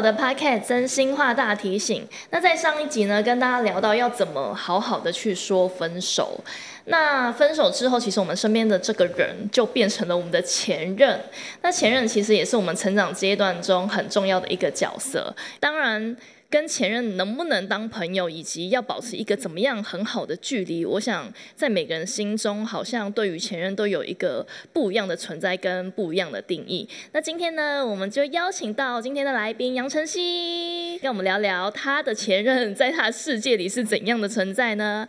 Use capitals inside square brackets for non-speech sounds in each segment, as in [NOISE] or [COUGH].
我的 podcast 真心話大提醒。那在上一集呢，跟大家聊到要怎麼好好的去說分手。那分手之後，其實我們身邊的這個人就變成了我們的前任。那前任其實也是我們成長階段中很重要的一個角色。當然。跟前任能不能當朋友，以及要保持一個怎麼樣很好的距離？我想在每個人心中，好像對於前任都有一個不一樣的存在跟不一樣的定義。那今天呢，我們就邀請到今天的來賓楊晨熙，跟我們聊聊他的前任在他的世界裡是怎樣的存在呢？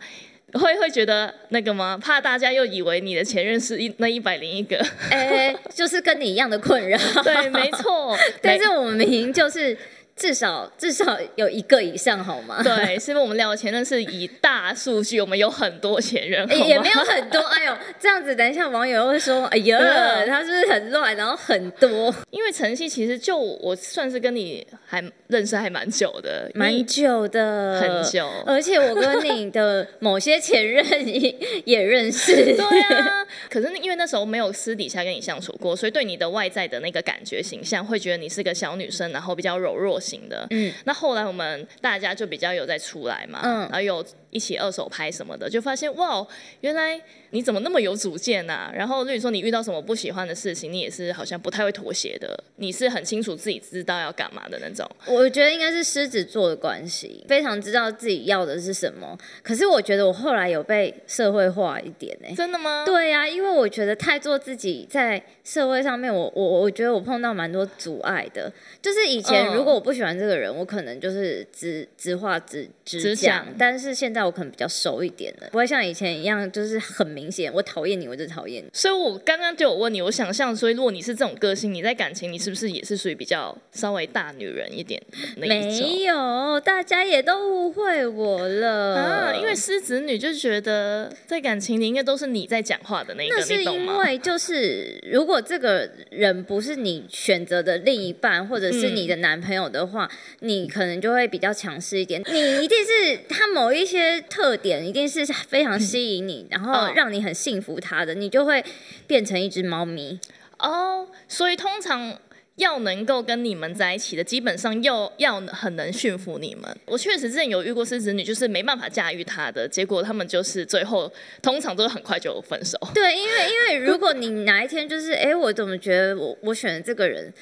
會會覺得那個嗎？怕大家又以為你的前任是一那一百零一個，哎、欸，就是跟你一樣的困擾、哦。對，沒錯。 [LAUGHS] 但是我們贏就是。至少至少有一個以上好嗎？對，是不是我們聊前任是以大數據？我們有很多前任，好嗎？也沒有很多。哎呦，這樣子等一下網友又會說：“哎呀，對他是不是很亂？”然後很多，因為晨熙其實就我算是跟你還認識還蠻久的，蠻久的，很久。而且我跟你的某些前任也也認識。 [LAUGHS] 對啊，可是因為那時候沒有私底下跟你相處過，所以對你的外在的那個感覺形象，會覺得你是個小女生，然後比較柔弱型。嗯，那後來我們大家就比較有再出來嘛，嗯，然後有，一起二手拍什麼的，就發現哇、哦，原來你怎麼那麼有主見啊？然後，如果說你遇到什麼不喜歡的事情，你也是好像不太會妥協的，你是很清楚自己知道要幹嘛的那種。我覺得應該是獅子座的關係，非常知道自己要的是什麼。可是我覺得我後來有被社會化一點呢、欸。真的嗎？對呀、啊，因為我覺得太做自己在社會上面，我我我覺得我碰到蠻多阻礙的。就是以前如果我不喜歡這個人，我可能就是直直話直直講，講但是現在。我可能比較熟一點的，不會像以前一樣，就是很明顯我討厭你，我就討厭你。所以，我剛剛就有問你，我想象，所以，如果你是這種個性，你在感情，你是不是也是屬於比較稍微大女人一點？沒有，大家也都誤會我了。啊，因為獅子女就覺得在感情裡應該都是你在講話的那一個，那是因為，就是如果這個人不是你選擇的另一半，或者是你的男朋友的話，嗯、你可能就會比較強勢一點。你一定是他某一些。特點一定是非常吸引你，然後讓你很馴服他的。哦、你就會變成一隻貓咪哦。所以通常要能夠跟你們在一起的，基本上又要很能馴服你們。我確實之前有遇過獅子女，就是沒辦法駕馭他的，結果他們就是最後通常都很快就分手。對，因為因為如果你哪一天就是哎， [LAUGHS] 我怎麼覺得我我選的這個人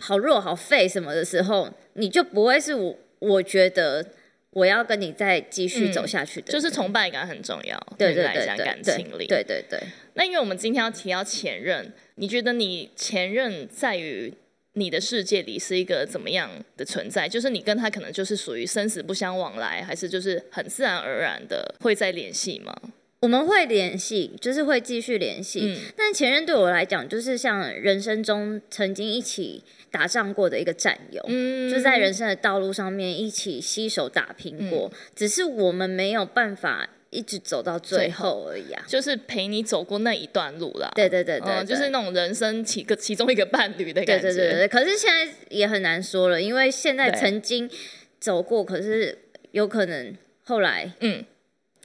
好弱好廢什麼的時候，你就不會是我我覺得。我要跟你再繼續走下去的。嗯，就是崇拜感很重要。對對對對，來講感情裡。對對對對。那因為我們今天要提到前任，你覺得你前任在於你的世界裡是一個怎麼樣的存在？就是你跟他可能就是屬於生死不相往來，還是就是很自然而然的會再聯繫嗎？我們會聯繫，就是會繼續聯繫。嗯，但前任對我來講，就是像人生中曾經一起打仗過的一個戰友，嗯，就在人生的道路上面一起攜手打拼過。嗯，只是我們沒有辦法一直走到最後而已啊，最後。就是陪你走過那一段路了。對對對對對，嗯。就是那種人生其個其中一個伴侶的感覺。對對對對。可是現在也很難說了，因為現在曾經走過，對可是有可能後來嗯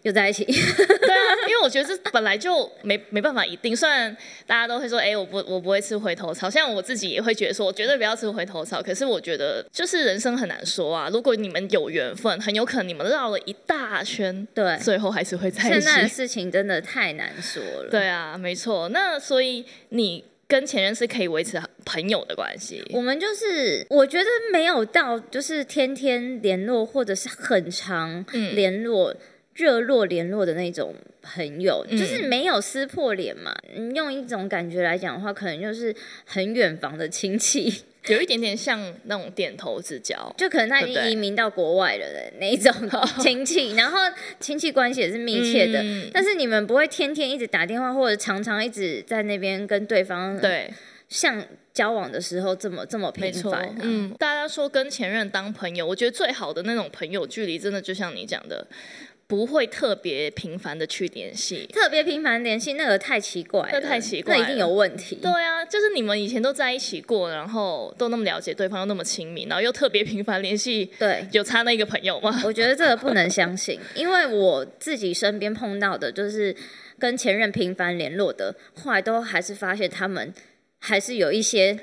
又在一起。嗯 [LAUGHS] [LAUGHS] 對啊，因為我覺得這本來就沒沒辦法一定。雖然大家都會說，哎，欸，我不我不會吃回頭草，像我自己也會覺得說，我絕對不要吃回頭草。可是我覺得，就是人生很難說啊。如果你們有緣分，很有可能你們繞了一大圈，對，最後還是會在一起。現在事情真的太難說了。對啊，沒錯。那所以你跟前任是可以維持朋友的關係？我們就是我覺得沒有到就是天天聯絡或者是很常聯絡。嗯熱絡聯絡的那種朋友，就是沒有撕破臉嘛。嗯、用一種感覺來講的話，可能就是很遠房的親戚，有一點點像那種點頭之交，就可能他已經移民到國外了的那一種親戚。Oh, 然後親戚關係也是密切的，嗯、但是你們不會天天一直打電話，或者常常一直在那邊跟對方對像交往的時候這麼這麼頻繁，啊。嗯，嗯大家說跟前任當朋友，我覺得最好的那種朋友距離，真的就像你講的。不會特別頻繁的去聯繫，特別頻繁的聯繫那個太奇怪了，太奇怪，那一定有問題。對啊，就是你們以前都在一起過，然後都那麼了解對方，又那麼親密，然後又特別頻繁聯繫，對，有差那個朋友嗎？我覺得這個不能相信， [LAUGHS] 因為我自己身邊碰到的就是跟前任頻繁聯絡的，後來都還是發現他們還是有一些。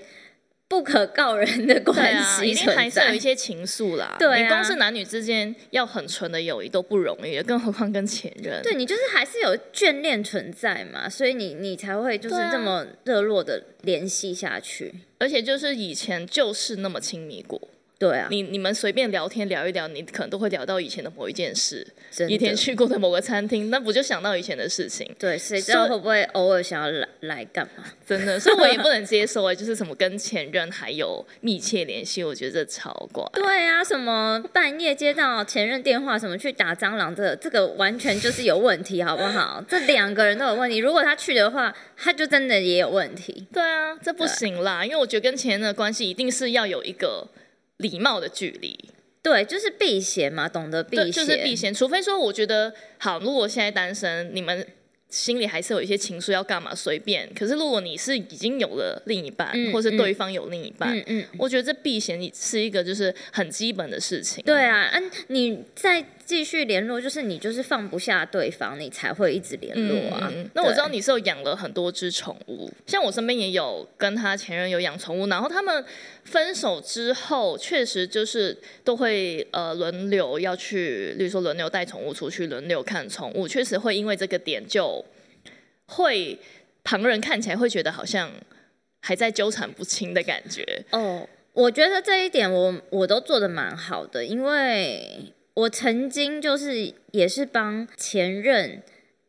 不可告人的關係，啊，一定還是有一些情愫啦。對你，啊欸，公司男女之間要很純的友誼都不容易，更何況跟前任。對，你就是還是有眷戀存在嘛，所以你你才會就是這麼熱絡的聯繫下去，啊，而且就是以前就是那麼親密過。對啊，你你們隨便聊天聊一聊，你可能都會聊到以前的某一件事，以前的去過的某個餐廳，那不就想到以前的事情？對，誰知道會不會偶爾想要來來幹嘛？真的， [LAUGHS] 所以我也不能接受哎，就是什麼跟前任還有密切聯繫，我覺得這超怪。對啊，什麼半夜接到前任電話，什麼去打蟑螂，這個、這個完全就是有問題，好不好？ [LAUGHS] 這兩個人都有問題。如果他去的話，他就真的也有問題。對啊，這不行啦，對因為我覺得跟前任的關係一定是要有一個。禮貌的距離，對，就是避嫌嘛，懂得避就是避嫌，除非說，我覺得好，如果現在單身，你們心裡還是有一些情愫要幹嘛，隨便。可是如果你是已經有了另一半，嗯嗯、或是對方有另一半，嗯嗯嗯、我覺得這避嫌是一個就是很基本的事情。對啊，嗯、啊，你在。繼續聯絡，就是你就是放不下對方，你才會一直聯絡啊。嗯，那我知道你是有養了很多隻寵物，對像我身邊也有跟他前任有養寵物，然後他們分手之後，確實就是都會呃輪流要去，例如說輪流帶寵物出去，輪流看寵物，確實會因為這個點就會旁人看起來會覺得好像還在糾纏不清的感覺。哦，oh, 我覺得這一點我我都做得蠻好的，因為。我曾經就是也是幫前任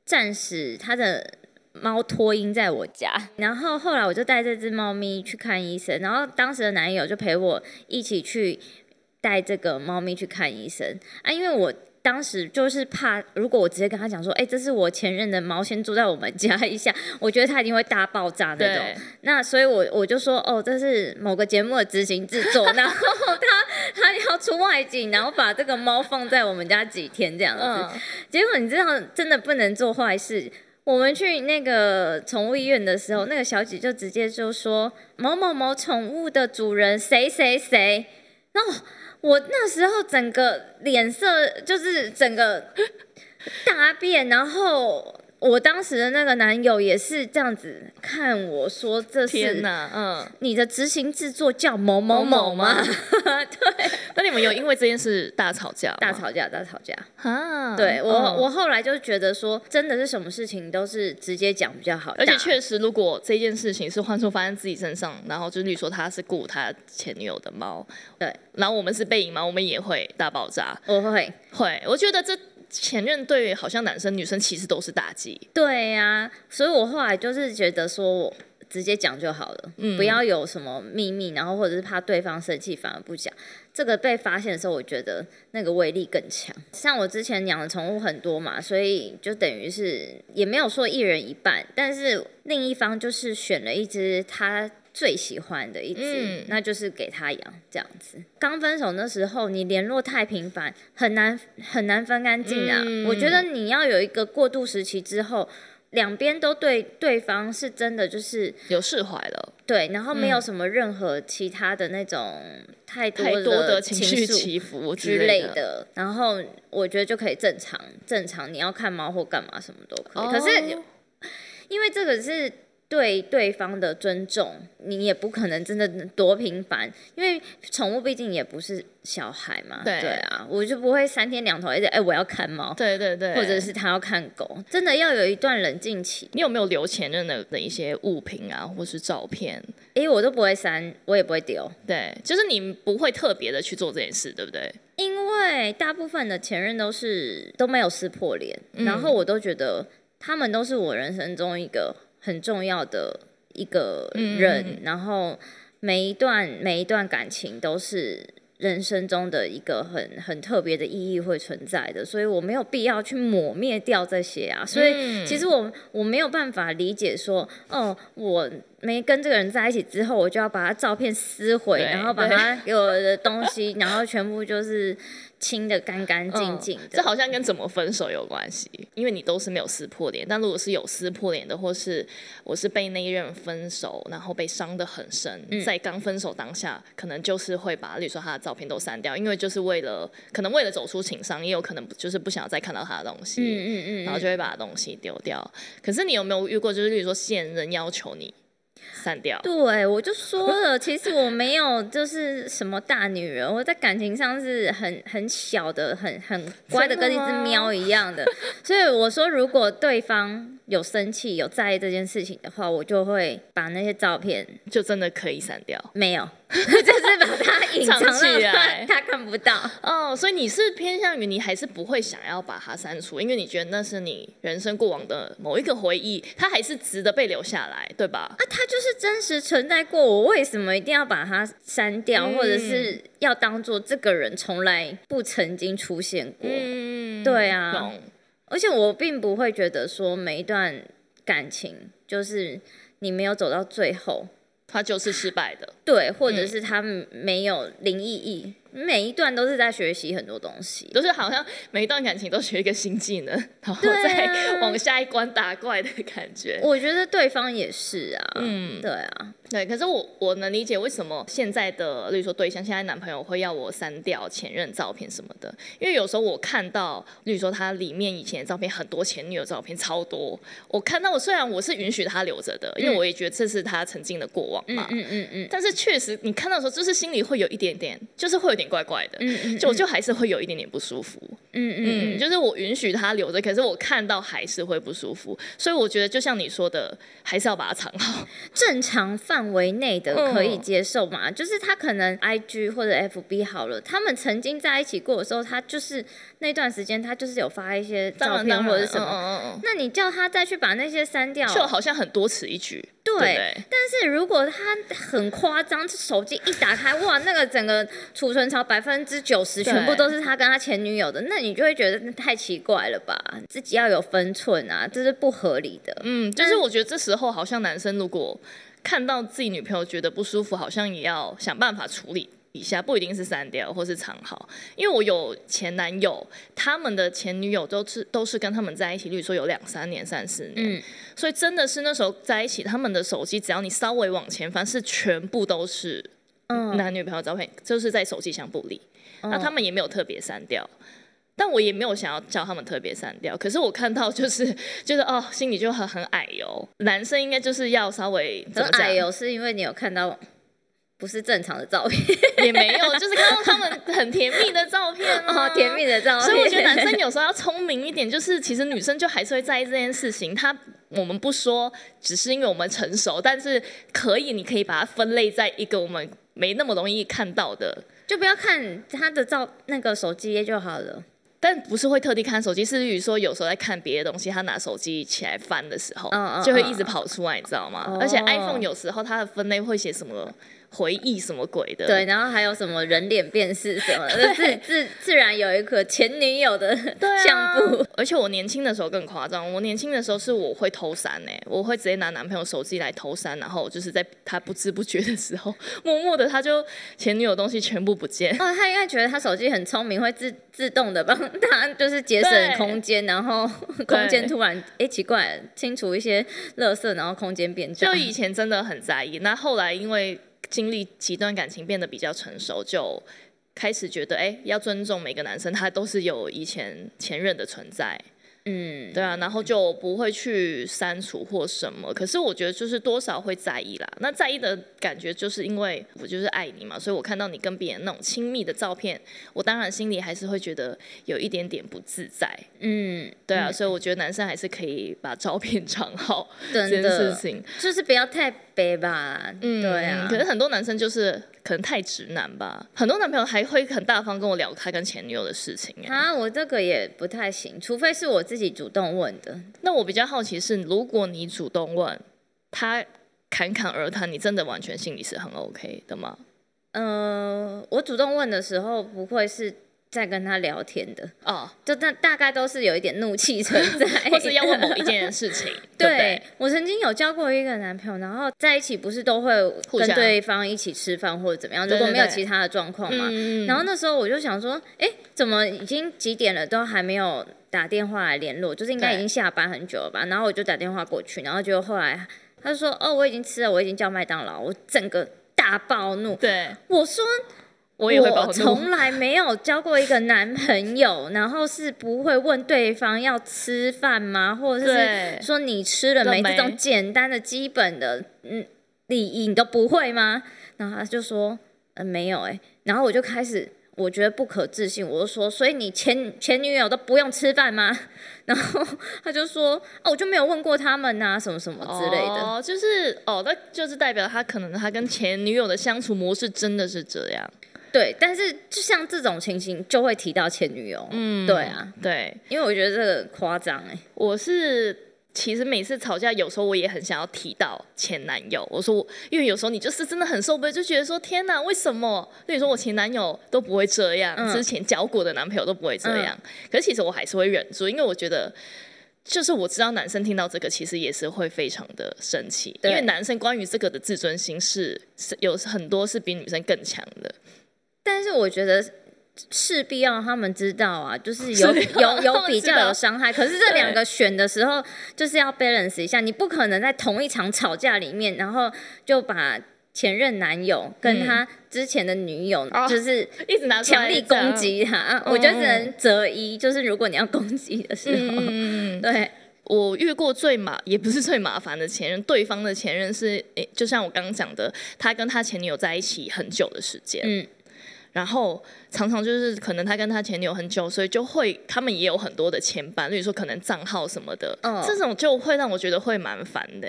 暫時他的貓託嬰在我家，然後後來我就帶這隻貓咪去看醫生，然後當時的男友就陪我一起去帶這個貓咪去看醫生啊，因為我。當時就是怕，如果我直接跟他講說，哎、欸，這是我前任的貓，先住在我們家一下，我覺得他一定會大爆炸那種。對那所以我我就說，哦，這是某個節目的執行製作，然後他 [LAUGHS] 他要出外景，然後把這個貓放在我們家幾天這樣子。嗯、結果你知道，真的不能做壞事。我們去那個寵物醫院的時候，那個小姐就直接就說，某某某寵物的主人誰誰誰，那……我那時候整個臉色就是整個大變，然後。我當時的那個男友也是這樣子看我說：“這是天吶，嗯，你的執行制作叫某某某嗎？” [LAUGHS] 對。那你們有因為這件事大吵架？大吵架，大吵架，啊、對我，哦、我後來就是覺得說，真的是什麼事情都是直接講比較好。而且確實，如果這件事情是換作發生在自己身上，然後茱莉說他是雇他前女友的貓，對，然後我們是背影嘛，我們也會大爆炸。我會會，我覺得這。前任對於好像男生女生其實都是打擊。對呀、啊，所以我後來就是覺得說，我直接講就好了，嗯、不要有什麼秘密，然後或者是怕對方生氣反而不講。這個被發現的時候，我覺得那個威力更強。像我之前養的寵物很多嘛，所以就等於是也沒有說一人一半，但是另一方就是選了一只他最喜歡的一次，嗯、那就是給他養這樣子。剛分手那時候，你聯絡太頻繁，很難很難分乾淨啊。嗯、我覺得你要有一個過渡時期之後，兩邊都對對方是真的，就是有釋懷了。對，然後沒有什麼任何其他的那種太多的情緒起伏之類的。的類的，然後我覺得就可以正常正常，你要看貓或幹嘛什麼都可以。哦、可是因為這個是。對對方的尊重，你也不可能真的多頻繁。因為寵物畢竟也不是小孩嘛。對，對啊，我就不會三天兩頭哎、欸，我要看貓。對對對，或者是他要看狗，真的要有一段冷靜期。你有沒有留前任的的一些物品啊，或是照片？哎、欸，我都不會刪，我也不會丟。對，就是你不會特別的去做這件事，對不對？因為大部分的前任都是都沒有撕破臉，嗯、然後我都覺得他們都是我人生中一個。很重要的一個人，然後每一段每一段感情都是人生中的一個很很特別的意義會存在的，所以我沒有必要去抹滅掉這些啊。所以其實我我沒有辦法理解說，哦，我。沒跟這個人在一起之後，我就要把他照片撕毀，對然後把他給我的東西，對 [LAUGHS] 然後全部就是清的乾乾淨淨的，嗯。這好像跟怎麼分手有關係，因為你都是沒有撕破臉。但如果是有撕破臉的，或是我是被那一任分手，然後被傷得很深，嗯、在剛分手當下，可能就是會把，例如說他的照片都刪掉，因為就是為了可能為了走出情傷，也有可能就是不想要再看到他的東西，嗯嗯嗯嗯，然後就會把東西丟掉。可是你有沒有遇過，就是例如說現任要求你？刪散掉。對，我就說了，其實我沒有，就是什麼大女人，我在感情上是很很小的，很很乖的，真的嗎？跟一隻喵一樣的。所以我說，如果對方。有生氣、有在意這件事情的話，我就會把那些照片，就真的可以刪掉。沒有，就是把它隱藏 [LAUGHS] 起來，他看不到。哦。所以你是偏向於你還是不會想要把它刪除？因為你覺得那是你人生過往的某一個回憶，它還是值得被留下來，對吧？啊，它就是真實存在過，我為什麼一定要把它刪掉，嗯、或者是要當做這個人從來不曾經出現過？嗯，對啊。而且我並不會覺得說每一段感情就是你沒有走到最後，它就是失敗的，對，或者是它沒有零意義。嗯每一段都是在學習很多東西，都是好像每一段感情都學一個新技能，然後再往下一關打怪的感覺。啊、我覺得對方也是啊，嗯，對啊，對。可是我我能理解為什麼現在的，例如說對象，現在男朋友會要我刪掉前任照片什麼的，因為有時候我看到，例如說他裡面以前的照片，很多前女友照片超多。我看到我，我雖然我是允許他留着的，嗯、因為我也覺得這是他曾經的過往嘛，嗯嗯嗯，嗯，但是確實，你看到的時候，就是心裡會有一點點，就是會有。怪怪的，就我就還是會有一點點不舒服，嗯嗯,嗯,嗯，就是我允許他留着，可是我看到還是會不舒服，所以我覺得就像你說的，還是要把它藏好，正常範圍內的可以接受嘛，哦、就是他可能 IG 或者 FB 好了，他們曾經在一起過的時候，他就是。那段時間他就是有發一些照片或者什麼，哦哦哦，那你叫他再去把那些刪掉，就好像很多此一舉。對，對對，但是如果他很誇張，手機，一打開，哇，那個整個儲存槽百分之九十全部都是他跟他前女友的，對那你就會覺得那太奇怪了吧？自己要有分寸啊，這是不合理的。嗯，就是我覺得這時候好像男生如果看到自己女朋友覺得不舒服，好像也要想辦法處理。底下不一定是刪掉或是藏好，因為我有前男友，他們的前女友都是都是跟他們在一起，比如說有兩三年、三四年，嗯、所以真的是那時候在一起，他們的手機只要你稍微往前翻，是全部都是男女朋友照片，嗯、就是在手機相簿裡，那、嗯、他們也沒有特別刪掉，嗯、但我也沒有想要叫他們特別刪掉，可是我看到就是、嗯、就是哦，心裡就很很矮喲、哦，男生應該就是要稍微怎麼講，是因為你有看到。不是正常的照片 [LAUGHS] 也沒有，就是看到他們很甜蜜的照片啊，oh, 甜蜜的照片。所以我覺得男生有時候要聰明一點，就是其實女生就還是會在意這件事情。他我們不說，只是因為我們成熟，但是可以，你可以把它分類在一個我們沒那麼容易看到的，就不要看他的照那個手機就好了。但不是會特地看手機，是譬如說有時候在看別的東西，他拿手機起來翻的時候，oh, oh, oh. 就會一直跑出來，你知道嗎？Oh. 而且 iPhone 有時候它的分類會寫什麼？回憶什麼鬼的？對，然後還有什麼人臉辨識什麼，的 [LAUGHS] 對。自自然有一顆前女友的、 [LAUGHS] 啊、相簿。而且我年輕的時候更誇張，我年輕的時候是我會偷刪誒，我會直接拿男朋友手機來偷刪，然後就是在他不知不覺的時候，默默的他就前女友的東西全部不見。哦，他應該覺得他手機很聰明，會自自動的幫他就是節省空間，對然後空間突然誒對、欸、奇怪清除一些垃圾，然後空間變大。就以前真的很在意，那後來因為。經歷幾段感情變得比較成熟，就開始覺得哎，要尊重每個男生，他都是有以前前任的存在，嗯，對啊，然後就不會去刪除或什麼。可是我覺得就是多少會在意啦。那在意的感覺就是因為我就是愛你嘛，所以我看到你跟別人那種親密的照片，我當然心裡還是會覺得有一點點不自在。嗯，對啊，嗯、所以我覺得男生還是可以把照片藏好，真的這件事情就是不要太。吧，嗯，對啊，可是很多男生就是可能太直男吧，很多男朋友還會很大方跟我聊他跟前女友的事情、欸。啊，我這個也不太行，除非是我自己主動問的。那我比較好奇是，如果你主動問，他侃侃而談，你真的完全心裡是很 OK 的嗎？嗯、呃，我主動問的時候不會是。在跟他聊天的哦，oh, 就大大概都是有一點怒氣存在， [LAUGHS] 或是要問某一件事情。 [LAUGHS] 對，對對我曾經有交過一個男朋友，然後在一起不是都會跟對方一起吃飯或者怎麼樣，對對對如果沒有其他的狀況嘛。對對對嗯、然後那時候我就想說，哎，怎麼已經幾點了都還沒有打電話來聯絡？就是應該已經下班很久了吧？對然後我就打電話過去，然後就後來他說，哦，我已經吃了，我已經叫麥當勞，我整個大暴怒。對，我說。我，也會保我從來沒有交過一個男朋友， [LAUGHS] 然後是不會問對方要吃飯嗎？或者是說你吃了沒？對這種簡單的基本的嗯禮儀你都不會嗎？然後他就說、呃、沒有哎、欸，然後我就開始我覺得不可置信，我就說，所以你前前女友都不用吃飯嗎？然後他就說哦、啊、我就沒有問過他們啊什麼什麼之類的，哦、就是哦那就是代表他可能他跟前女友的相處模式真的是這樣。對，但是就像這種情形，就會提到前女友。嗯，對啊，對，因為我覺得這個誇張哎。我是其實每次吵架，有時候我也很想要提到前男友。我說我，因為有時候你就是真的很受不了，就覺得說天哪，啊，為什麼？那你說我前男友都不會這樣，嗯，之前交過的男朋友都不會這樣。嗯，可是其實我還是會忍住，因為我覺得，就是我知道男生聽到這個，其實也是會非常的生氣。對因為男生關於這個的自尊心是，是有很多是比女生更強的。但是我覺得勢必要他們知道啊，就是有有有比較有傷害。是吧可是這兩個選的時候，就是要 balance 一下，對你不可能在同一場吵架裡面，然後就把前任男友跟他之前的女友，就是、嗯哦、一直拿強力攻擊他。嗯、我覺得只能擇一，就是如果你要攻擊的時候，嗯對，我遇過最麻也不是最麻煩的前任，對方的前任是，欸、就像我剛剛講的，他跟他前女友在一起很久的時間，嗯。然後常常就是可能他跟他前女友很久，所以就會他們也有很多的牽絆。例如說可能賬號什麼的，Oh. 這種就會讓我覺得會蠻煩的。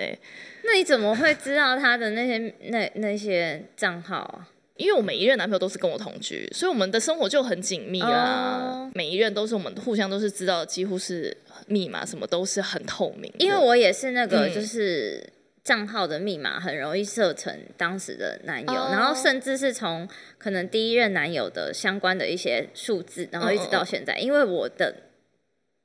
那你怎麼會知道他的那些 [LAUGHS] 那那些賬號啊？因為我每一任男朋友都是跟我同居，所以我們的生活就很緊密啦、啊。Oh. 每一任都是我們互相都是知道，幾乎是密碼什麼都是很透明。因為我也是那個就是。嗯賬號的密碼很容易設成當時的男友，oh. 然後甚至是從可能第一任男友的相關的一些數字，oh. 然後一直到現在。Oh. 因為我的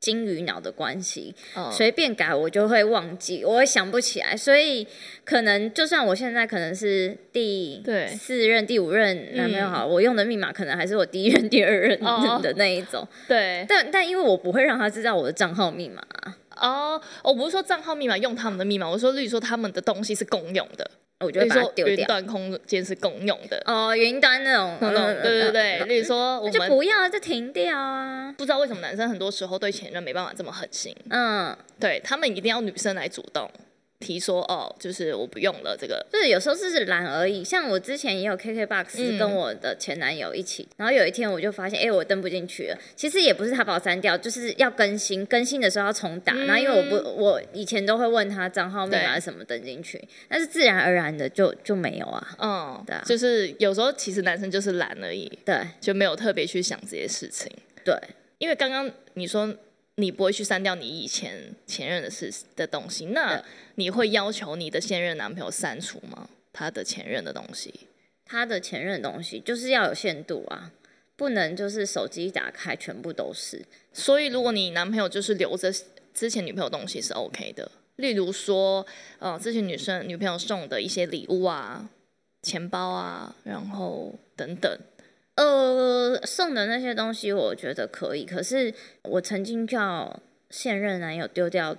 金魚腦的關係，隨、oh. 便改我就會忘記，我也想不起來。所以可能就算我現在可能是第四任、對第五任男朋友好，我用的密碼可能還是我第一任、第二任的那一種。Oh. 對，但但因為我不會讓他知道我的賬號密碼、啊。哦、oh，我不是說賬號密碼用他們的密碼，我說，例如說他們的東西是共用的，我覺得說雲端空間是共用的。哦，雲端那種， [LAUGHS] [LAUGHS] 對對對， [LAUGHS] 例如說我就不要再、啊、停掉啊！不知道為什麼男生很多時候對前任沒辦法這麼狠心，嗯，對他們一定要女生來主動。提說哦，就是我不用了這個，就是有時候就是懶而已。像我之前也有 KKBOX，跟我的前男友一起，嗯、然後有一天我就發現，哎、欸，我登不進去了。其實也不是他把我刪掉，就是要更新，更新的時候要重打。嗯、然後因為我不，我以前都會問他賬號密碼什麼登進去，對但是自然而然的就就沒有啊。哦，對、啊，就是有時候其實男生就是懶而已。對，就沒有特別去想這些事情。對，因為剛剛你說。你不會去刪掉你以前前任的事的東西，那你會要求你的現任男朋友刪除嗎？他的前任的東西，他的前任的東西就是要有限度啊，不能就是手機一打開全部都是。所以如果你男朋友就是留着之前女朋友的東西是 OK 的，例如說，呃、哦，之前女生女朋友送的一些禮物啊、錢包啊，然後等等。呃，送的那些東西我覺得可以，可是我曾經叫現任男友丟掉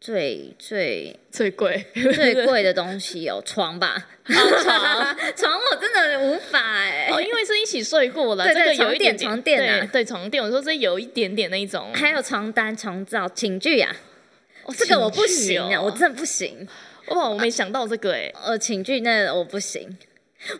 最最最貴貴最貴的東西，喔，有 [LAUGHS] 床吧？Oh, 床， [LAUGHS] 床我真的無法哎，哦，oh, 因為是一起睡過的， [LAUGHS] 對對對這個有一點，點床墊啊，對，對床墊，我說這有一點點那一種，還有床單、床罩、寢具呀，oh, 這個我不行，啊，喔、我真的不行，哇，oh, wow, 我沒想到這個哎，呃，寢具那我不行。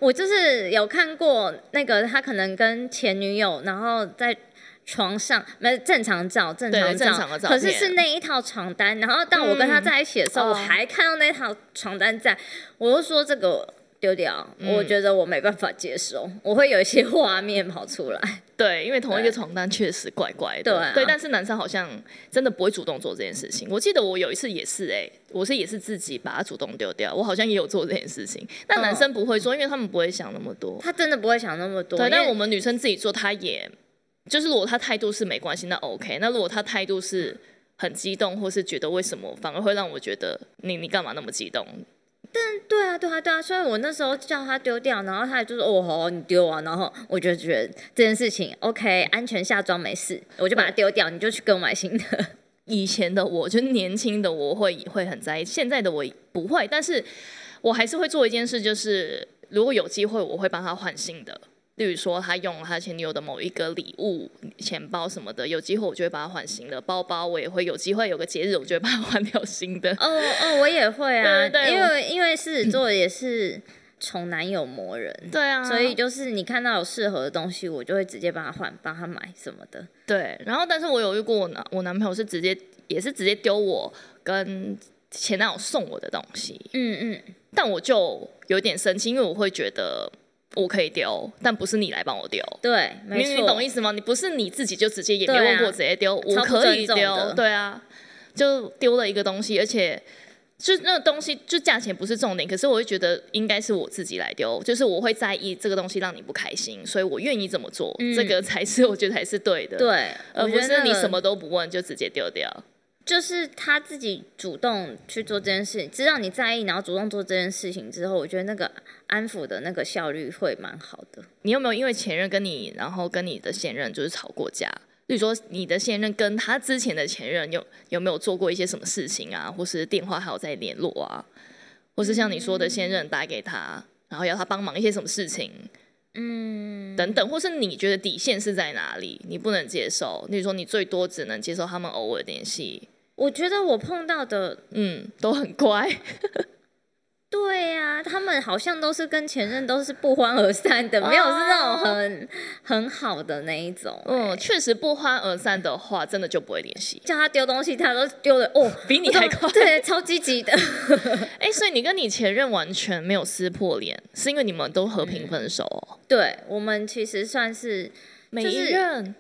我就是有看過那個他可能跟前女友，然後在床上沒正常照，正常照，常照，可是是那一套床單，然後當我跟他在一起的時候，嗯、我還看到那套床單在，我就說這個。丟掉，我覺得我沒辦法接受，嗯、我會有一些畫面跑出來。對，因為同一個床單確實怪怪的。對啊、對，但是男生好像真的不會主動做這件事情。嗯、我記得我有一次也是，欸，哎，我是也是自己把它主動丟掉。我好像也有做這件事情，但男生不會做，哦、因為他們不會想那麼多。他真的不會想那麼多。對，因為但我們女生自己做，他也就是如果他態度是沒關係，那 OK。那如果他態度是很激動，嗯、或是覺得為什麼，反而會讓我覺得你你幹嘛那麼激動？對啊，對啊，對啊，對啊，所以我那時候叫他丟掉，然後他就說、是、哦，吼，你丟啊，然後我就覺得這件事情 OK，安全下裝沒事，我就把它丟掉，你就去購買新的。我 [LAUGHS] 以前的我就年輕的我會會很在意，現在的我不會，但是我還是會做一件事，就是如果有機會，我會幫他換新的。例如說，他用了他前女友的某一個禮物、錢包什麼的，有機會我就會把它換新的。包包我也會有機會，有個節日我就會把它換掉新的。哦哦，我也會啊，對對，因為我因為獅子座也是寵 [COUGHS] 男友魔人，對啊，所以就是你看到有適合的東西，我就會直接幫他換，幫他買什麼的。對，然後但是我有遇過男，我男朋友是直接也是直接丟我跟前男友送我的東西。嗯嗯，但我就有點生氣，因為我會覺得。我可以丟，但不是你來幫我丟。對，沒錯，你你懂意思嗎？你不是你自己就直接也沒問過，直接丟，啊、我可以丟。對啊，就丟了一個東西，而且就那個東西就價錢不是重點，可是我會覺得應該是我自己來丟，就是我會在意這個東西讓你不開心，所以我願意這麼做，嗯、這個才是我覺得才是對的。對，而不是你什麼都不問就直接丟掉。就是他自己主動去做這件事，知道你在意，然後主動做這件事情之後，我覺得那個安撫的那個效率會蠻好的。你有沒有因為前任跟你，然後跟你的現任就是吵過架？例如說，你的現任跟他之前的前任有有沒有做過一些什麼事情啊，或是電話還有在聯絡啊，或是像你說的，現任打給他，嗯、然後要他幫忙一些什麼事情，嗯，等等，或是你覺得底線是在哪裡，你不能接受？例如說，你最多只能接受他們偶爾聯繫。我覺得我碰到的，嗯，都很乖。 [LAUGHS] 對呀、啊，他們好像都是跟前任都是不歡而散的，哦、沒有是那種很很好的那一種。嗯，欸、確實不歡而散的話，真的就不會聯繫。叫他丟東西，他都丟的哦，比你還快，對，超積極的。哎、 [LAUGHS] 欸，所以你跟你前任完全沒有撕破臉，是因為你們都和平分手、哦嗯？對，我們其實算是每一任，就是、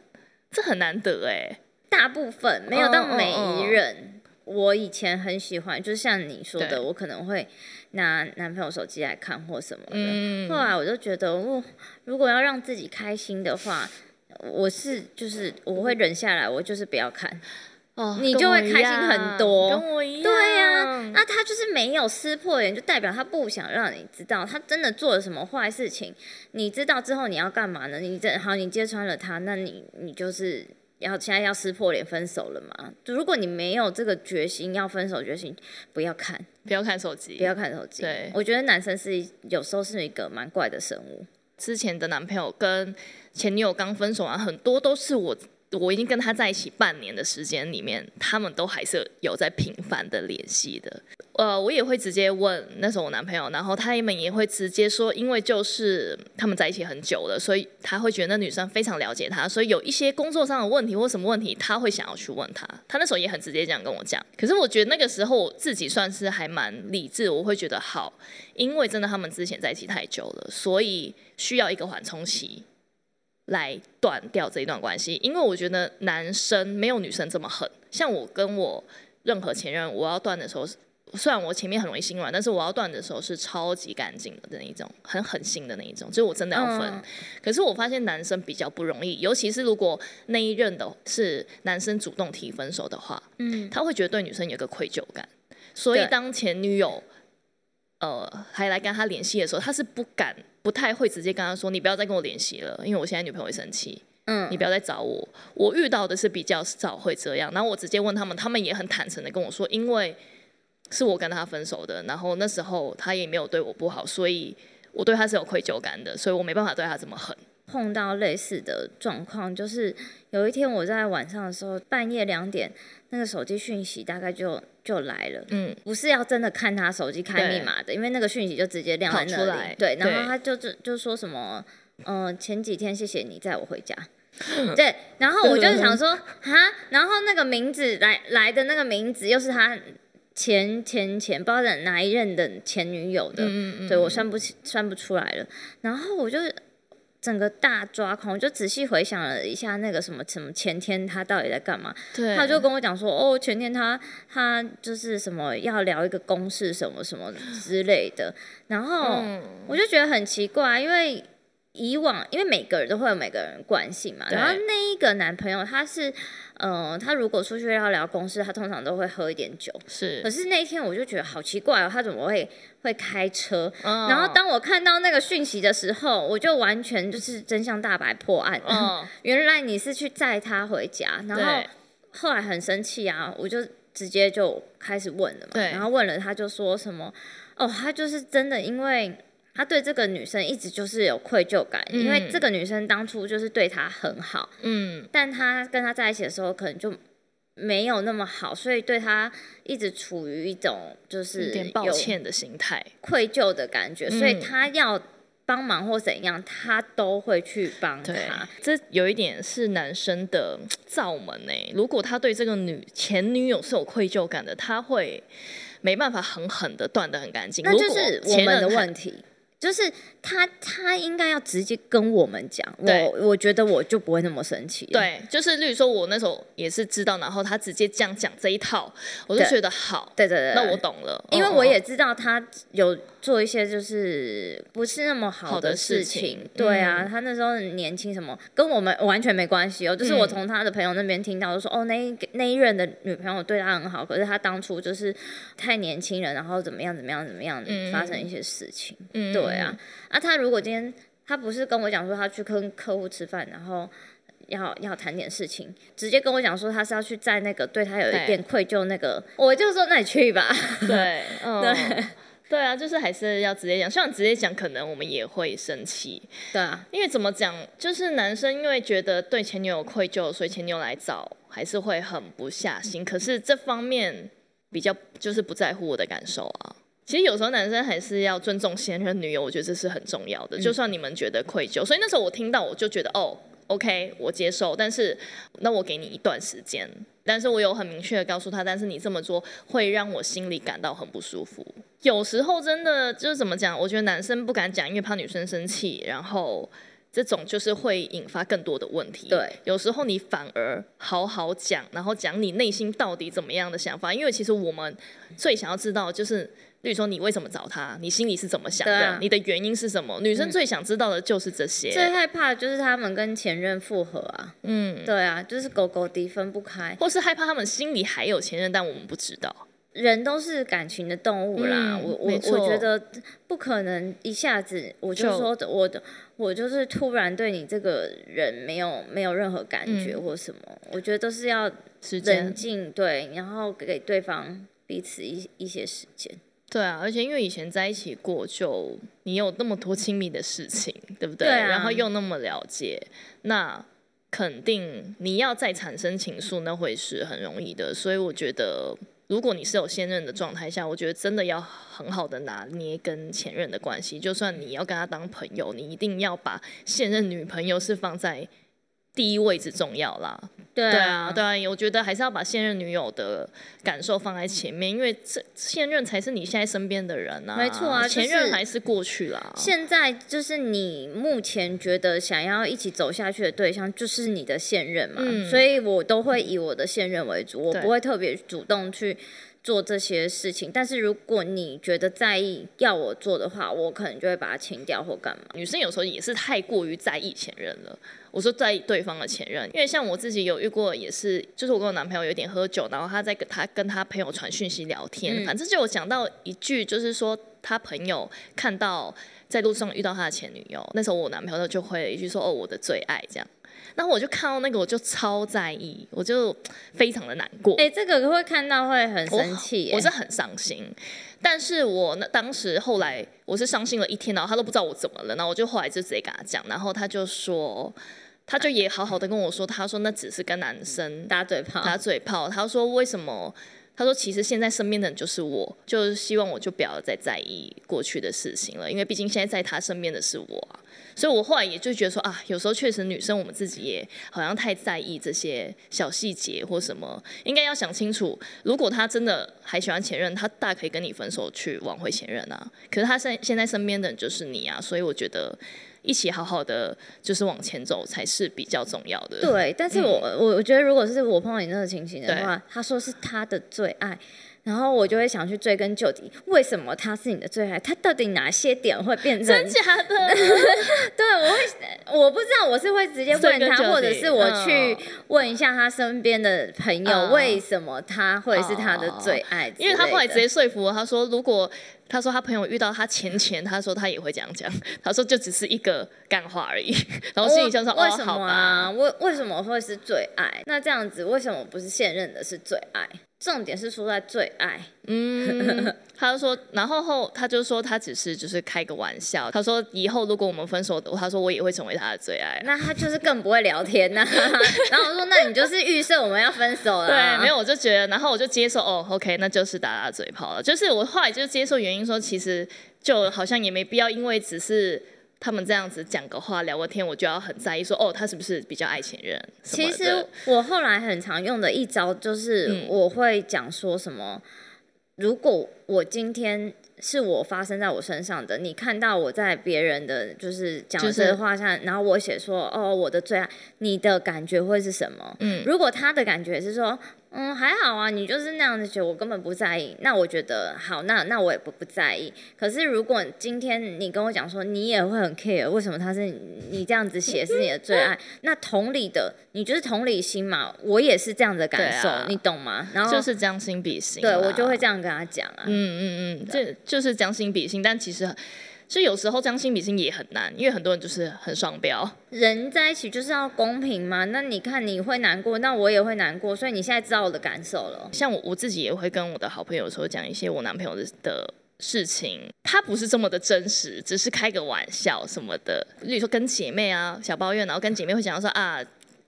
這很難得哎、欸。大部分沒有到每一任，oh, oh, oh. 我以前很喜歡，就是像你說的，對我可能會拿男朋友手機來看或什麼的。Mm. 後來我就覺得、哦，如果要讓自己開心的話，我是就是我會忍下來，我就是不要看。哦，oh, 你就會開心很多，跟我一樣。一樣對呀，啊，那他就是沒有撕破臉，就代表他不想讓你知道他真的做了什麼壞事情。你知道之後，你要幹嘛呢？你這好，你揭穿了他，那你你就是。然後現在要撕破臉分手了嘛，就如果你沒有這個決心要分手決心，不要看，不要看手機，不要看手機。對，我覺得男生是有時候是一個蠻怪的生物。之前的男朋友跟前女友剛分手啊，很多都是我。我已經跟他在一起半年的時間裡面，他們都還是有在頻繁的聯繫的。呃，我也會直接問那時候我男朋友，然後他們也會直接說，因為就是他們在一起很久了，所以他會覺得那女生非常了解他，所以有一些工作上的問題或什麼問題，他會想要去問他。他那時候也很直接這樣跟我講。可是我覺得那個時候我自己算是還蠻理智，我會覺得好，因為真的他們之前在一起太久了，所以需要一個緩衝期，來斷掉這一段關係，因為我覺得男生沒有女生這麼狠。像我跟我任何前任，我要斷的時候，雖然我前面很容易心軟，但是我要斷的時候是超級乾淨的那一種，很狠心的那一種，所以我真的要分。嗯、可是我發現男生比較不容易，尤其是如果那一任的是男生主動提分手的話，嗯、他會覺得對女生有個愧疚感，所以當前女友對呃還來跟他聯繫的時候，他是不敢。不太會直接跟他說，你不要再跟我聯繫了，因為我現在女朋友會生氣。嗯，你不要再找我。我遇到的是比較早會這樣，然後我直接問他們，他們也很坦誠的跟我說，因為是我跟他分手的，然後那時候他也沒有對我不好，所以我對他是有愧疚感的，所以我沒辦法對他這麼狠。碰到類似的狀況，就是有一天我在晚上的時候，半夜兩點，那個手機訊息大概就就來了。嗯，不是要真的看他手機開密碼的，對因為那個訊息就直接亮出來。對，然後他就就就說什麼，嗯對、呃，前幾天謝謝你載我回家。嗯、對，然後我就想說哈、嗯，然後那個名字來來的那個名字又是他前前前，不知道哪一任的前女友的，嗯嗯、對我算不算不出來了？然後我就。整個大抓狂，我就仔細回想了一下那個什麼什麼前天他到底在幹嘛，對他就跟我講說，哦，前天他他就是什麼要聊一個公事什麼什麼之類的，然後、嗯、我就覺得很奇怪，因為。以往，因為每個人都會有每個人的慣性嘛，對然後那一個男朋友他是，嗯、呃，他如果出去要聊，聊公司，他通常都會喝一點酒。是，可是那一天我就覺得好奇怪哦，他怎麼會會開車？Oh. 然後當我看到那個訊息的時候，我就完全就是真相大白破案。Oh. [LAUGHS] 原來你是去載他回家，然後後來很生氣啊，我就直接就開始問了嘛。對然後問了他就說什麼，哦，他就是真的因為。他對這個女生一直就是有愧疚感，嗯、因為這個女生當初就是對他很好，嗯，但他跟他在一起的時候可能就沒有那麼好，所以對他一直處於一種就是抱歉的心態、愧疚的感覺，所以他要幫忙或怎樣，他都會去幫他對。這有一點是男生的罩門呢、欸。如果他對這個女前女友是有愧疚感的，他會沒辦法狠狠的斷得很乾淨，那就是我們的問題。就是他，他應該要直接跟我們講。對，我我覺得我就不會那麼生氣。對，就是例如說，我那時候也是知道，然後他直接這樣講這一套，我就覺得好。對對對，對，那我懂了。因為我也知道他有做一些就是不是那麼好的事情。事情對啊，嗯、他那時候年輕，什麼跟我們完全沒關係哦、喔。就是我從他的朋友那邊聽到，就說、嗯、哦，那一那一任的女朋友對他很好，可是他當初就是太年輕人，然後怎麼樣怎麼樣怎麼樣，嗯、發生一些事情。對嗯，對。對啊，那、啊、他如果今天他不是跟我講說他去跟客戶吃飯，然後要要談點事情，直接跟我講說他是要去在那個對他有一點愧疚那個，對我就說，那你去吧。對、嗯、 [LAUGHS] 對對啊，就是還是要直接講，雖然直接講可能我們也會生氣。對啊，因為怎麼講，就是男生因為覺得對前女友愧疚，所以前女友來找還是會狠不下心。嗯、可是這方面比較就是不在乎我的感受啊。其實有時候男生還是要尊重現任女友，我覺得這是很重要的。就算你們覺得愧疚，嗯、所以那時候我聽到我就覺得哦，OK，我接受。但是那我給你一段時間，但是我有很明確的告訴他，但是你這麼做會讓我心裡感到很不舒服。有時候真的就是怎麼講，我覺得男生不敢講，因為怕女生生氣，然後。這種就是會引發更多的問題。對，有時候你反而好好講，然後講你內心到底怎麼樣的想法，因為其實我們最想要知道就是，比如說你為什麼找他，你心裡是怎麼想的，啊、你的原因是什麼？女生最想知道的就是這些。嗯、最害怕的就是他們跟前任復合啊，嗯，對啊，就是狗狗的分不開，或是害怕他們心裡還有前任，但我們不知道。人都是感情的動物啦，嗯、我我沒錯我覺得不可能一下子，我就說就我的我就是突然對你這個人沒有沒有任何感覺或什麼，嗯、我覺得都是要冷靜時間，對，然後給對方彼此一一些時間。對啊，而且因為以前在一起過，就你有那麼多親密的事情，對不對？對啊、然後又那麼了解，那肯定你要再產生情愫，那會是很容易的。所以我覺得。如果你是有現任的狀態下，我覺得真的要很好的拿捏跟前任的關係。就算你要跟他當朋友，你一定要把現任女朋友是放在。第一位置重要啦，對啊、對啊，對啊，我覺得還是要把現任女友的感受放在前面，嗯、因為這現任才是你現在身邊的人啊，沒錯啊，前任還是過去了，就是。現在就是你目前覺得想要一起走下去的對象，就是你的現任嘛，嗯、所以我都會以我的現任為主，我不會特別主動去。做這些事情，但是如果你覺得在意要我做的話，我可能就會把它清掉或幹嘛。女生有時候也是太過於在意前任了。我說在意對方的前任，因為像我自己有遇過，也是就是我跟我男朋友有點喝酒，然後他在跟他跟他朋友傳訊息聊天，嗯、反正就有講到一句，就是說他朋友看到在路上遇到他的前女友，那時候我男朋友就回了一句說，哦，我的最愛這樣。然後我就看到那個，我就超在意，我就非常的難過。誒、欸，這個會看到會很生氣我。我是很傷心，但是我那當時後來我是傷心了一天，然後他都不知道我怎麼了呢，然後我就後來就直接跟他講，然後他就說，他就也好好的跟我說，他說那只是跟男生打嘴炮，嗯、打嘴炮，他說為什麼？他說：“其實現在身邊的人就是我，就是希望我就不要再在意過去的事情了，因為畢竟現在在他身邊的是我啊，所以我後來也就覺得說啊，有時候確實女生我們自己也好像太在意這些小細節或什麼，應該要想清楚，如果他真的還喜歡前任，他大可以跟你分手去挽回前任啊。可是他現在身邊的人就是你啊，所以我覺得。”一起好好的，就是往前走才是比較重要的。對，但是我我、嗯、我覺得，如果是我碰到你那個情形的話，對他說是他的最愛，然後我就會想去追根究底，為什麼他是你的最愛？他到底哪些點會變成？真假的？ [LAUGHS] 對，我會，我不知道，我是會直接問他，追根究底，或者是我去問一下他身邊的朋友，哦、為什麼他會是他的最愛的？因為他後來直接說服我，他說如果。他說他朋友遇到他前前，他說他也會這樣講，他說就只是一個幹話而已，然後心裡想說為什麼啊？為為什麼，啊哦，為什麼會是最愛？那這樣子為什麼不是現任的是最愛？重點是說在最愛。嗯，他就說，然後後他就說他只是就是開個玩笑，他說以後如果我們分手，他說我也會成為他的最愛啊。那他就是更不會聊天吶啊。 [LAUGHS] 然後我說，那你就是預設我們要分手了啊。對，沒有，我就覺得，然後我就接受哦，OK，那就是打打嘴炮了。就是我後來就接受原因說，其實就好像也沒必要，因為只是他們這樣子講個話，聊個天，我就要很在意說哦，他是不是比較愛前任？其實我後來很常用的一招就是我會講說什麼。嗯如果我今天是我發生在我身上的，你看到我在別人的，就是講這些話，上，就是，然後我寫說，哦，我的最愛，你的感覺會是什麼？嗯，如果他的感覺是說，嗯，還好啊，你就是那樣子寫，我根本不在意。那我覺得好，那那我也不不在意。可是如果今天你跟我講說你也會很 care，為什麼他是你這樣子寫是你的最愛？嗯、那同理的，你就是同理心嘛，我也是這樣的感受，啊、你懂嗎？然後就是將心比心，對我就會這樣跟他講啊。嗯嗯嗯，嗯嗯對就就是將心比心，但其實。所以有時候將心比心也很難，因為很多人就是很雙標。人在一起就是要公平嘛，那你看你會難過，那我也會難過，所以你現在知道我的感受了。像我我自己也會跟我的好朋友說講一些我男朋友的的事情，他不是這麼的真實，只是開個玩笑什麼的。例如說跟姐妹啊小抱怨，然後跟姐妹會講說啊，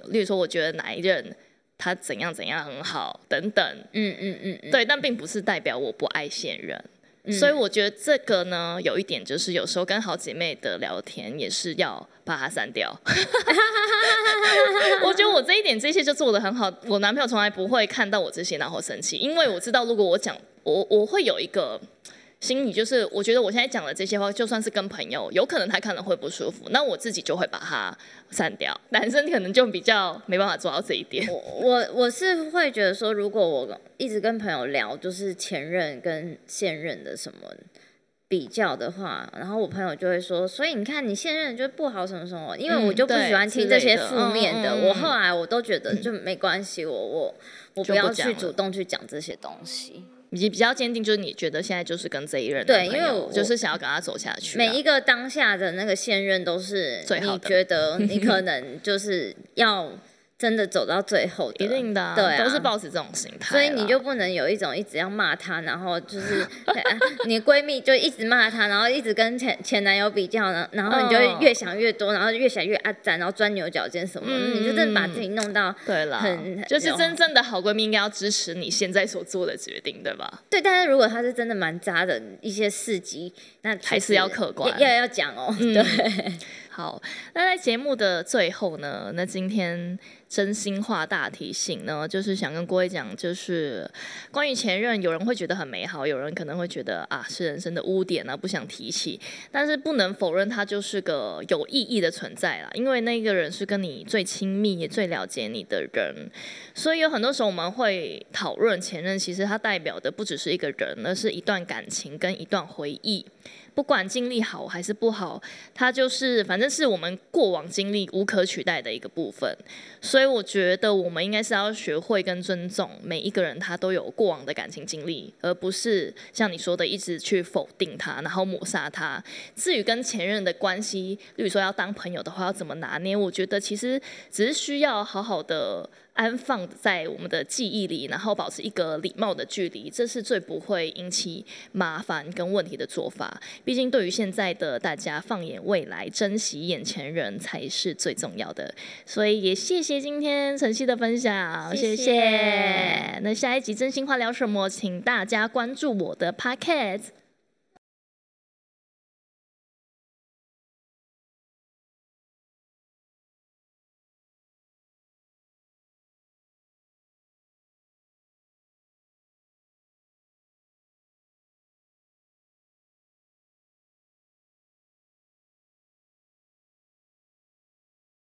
例如說我覺得哪一任他怎樣怎樣很好等等。嗯嗯嗯，嗯嗯嗯對，但並不是代表我不愛現任。嗯、所以我覺得這個呢，有一點就是有時候跟好姐妹的聊天也是要把它刪掉。 [LAUGHS] [LAUGHS] 我覺得我這一點這些就做得很好，我男朋友從來不會看到我這些然後生氣，因為我知道如果我講我我會有一個。心裡就是，我覺得我現在講的這些話，就算是跟朋友，有可能他看了會不舒服，那我自己就會把它刪掉。男生可能就比較沒辦法做到這一點。我我我是會覺得說，如果我一直跟朋友聊，就是前任跟現任的什麼比較的話，然後我朋友就會說，所以你看你現任就不好什麼什麼，因為我就不喜歡聽這些負面的。我後來我都覺得就沒關係，我我不我不要去主動去講這些東西。你比較堅定，就是你覺得現在就是跟這一任，對，因為我就是想要跟他走下去。每一個當下的那個現任都是，你覺得你可能就是要。 [LAUGHS] 真的走到最後的，一定的。啊，對、啊，都是抱持這種心態，所以你就不能有一種一直要罵他，然後就是 [LAUGHS] 你閨蜜就一直罵他，然後一直跟前前男友比較呢，然後你就越想越多，然後越想越啊展，然後鑽牛角尖什麼，嗯、你就真的把自己弄到很，啦很有，就是真正的好閨蜜應該要支持你現在所做的決定，對吧？對，但是如果他是真的蠻渣的一些事蹟，那還是要客觀，要要講哦、喔，嗯、對。好，那在節目的最後呢，那今天真心話大提醒呢，就是想跟各位講，就是關於前任，有人會覺得很美好，有人可能會覺得啊是人生的污點呢、啊，不想提起，但是不能否認，他就是個有意義的存在啦。因為那個人是跟你最親密、也最了解你的人，所以有很多時候我們會討論前任，其實他代表的不只是一個人，而是一段感情跟一段回憶。不管經歷好還是不好，它，就是反正是我們過往經歷無可取代的一個部分。所以我覺得我們應該是要學會跟尊重每一個人，他都有過往的感情經歷，而不是像你說的一直去否定他，然後抹殺他。至於跟前任的關係，比如說要當朋友的話，要怎麼拿捏？我覺得其實只是需要好好的，安放在我們的記憶裡，然後保持一個禮貌的距離，這是最不會引起麻煩跟問題的做法。畢竟，對於現在的大家，放眼未來，珍惜眼前人才是最重要的。所以，也謝謝今天晨熙的分享，謝謝。謝謝。那下一集真心話聊什麼？請大家關注我的 Podcast。